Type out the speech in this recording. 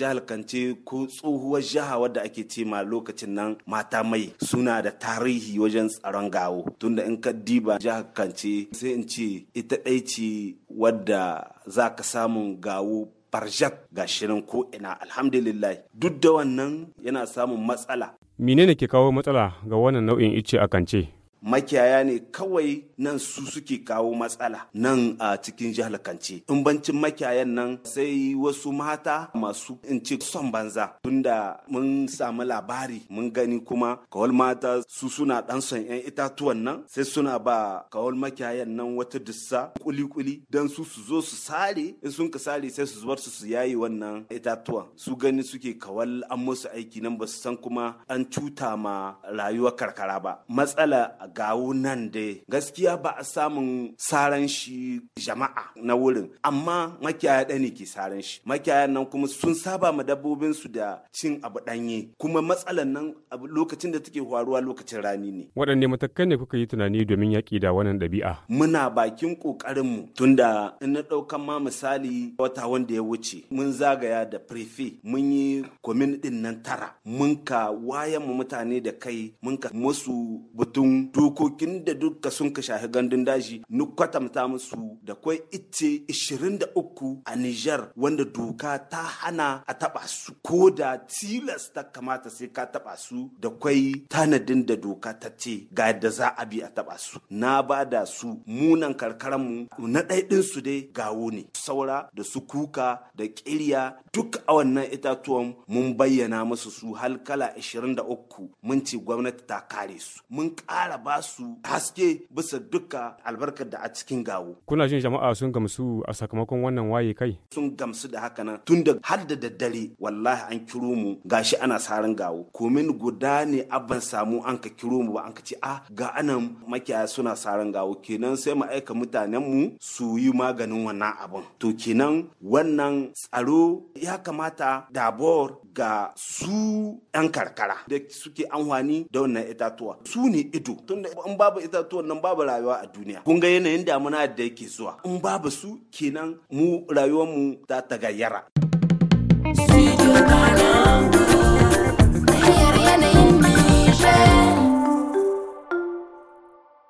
jihar kance ko tsohuwar jiha wadda ake cema lokacin nan mata mai suna da tarihi wajen tsaron gawo tunda in ka diba jihar kance sai in ce ita ɗai ce wadda za ka samun gawo barjak ga shirin ko ina alhamdulillah duk da wannan yana samun matsala menene ke kawo matsala ga wannan nau'in ice a kance makiyaya ne kawai nan su suke kawo matsala nan a cikin jihar kanci In bancin makiyayan nan sai wasu mata masu in ce son banza tunda mun samu labari mun gani kuma kawal mata su suna dan son 'yan itatuwan nan sai suna ba kawal makiyayan nan wata dussa kuli-kuli don su su zo su sare in sun ka sare sai su zubar su su yayi wannan itatuwan su gani suke kawal an musu aiki nan ba su san kuma an cuta ma rayuwar karkara ba matsala gawo nan dai gaskiya ba a samun saran shi jama'a na wurin amma makiyaya ɗani ke saran shi makiyaya nan kuma sun saba ma dabbobin su da cin abu ɗanye kuma matsalan nan lokacin da take faruwa lokacin rani ne waɗanne matakan ne kuka yi tunani domin yaƙi da wannan ɗabi'a muna bakin mu. tunda in na ɗaukan ma misali wata wanda ya wuce mun zagaya da prefe mun yi kwamin ɗin nan tara mun ka wayan mu mutane da kai mun ka musu butun dokokin da duka sun ka shafi gandun daji ni kwatanta musu da kwai ice 23 a Nijar wanda doka ta hana a taba su ko da tilas ta kamata sai ka taba su da kwai tanadin da doka ta ce ga yadda za a bi a taba su na ba da su munan mu na ɗaiɗin su dai gawo ne saura da su kuka da ƙirya duk a wannan itatuwan mun bayyana musu su halkala 23 mun ce gwamnati ta kare su mun ƙara ba su haske bisa duka albarkar da a cikin gawo. Kuna jin jama'a sun gamsu a sakamakon wannan waye kai? Sun gamsu da haka nan tun da har da daddare wallahi an kiro mu gashi ana saran gawo. Komin guda ne abban samu an ka kiro mu ba an ka ce a ah, ga anan makiyaya suna saran gawo kenan sai mu aika mutanen mu su yi maganin wannan abin. To kenan wannan tsaro ya kamata dabor ga su 'yan karkara da suke amfani da wannan itatuwa su ne ido tun tunda in babu itatuwan nan babu rayuwa a duniya kun ga yanayin damuna da yake zuwa in babu su kenan mu rayuwar mu ta tagayyara.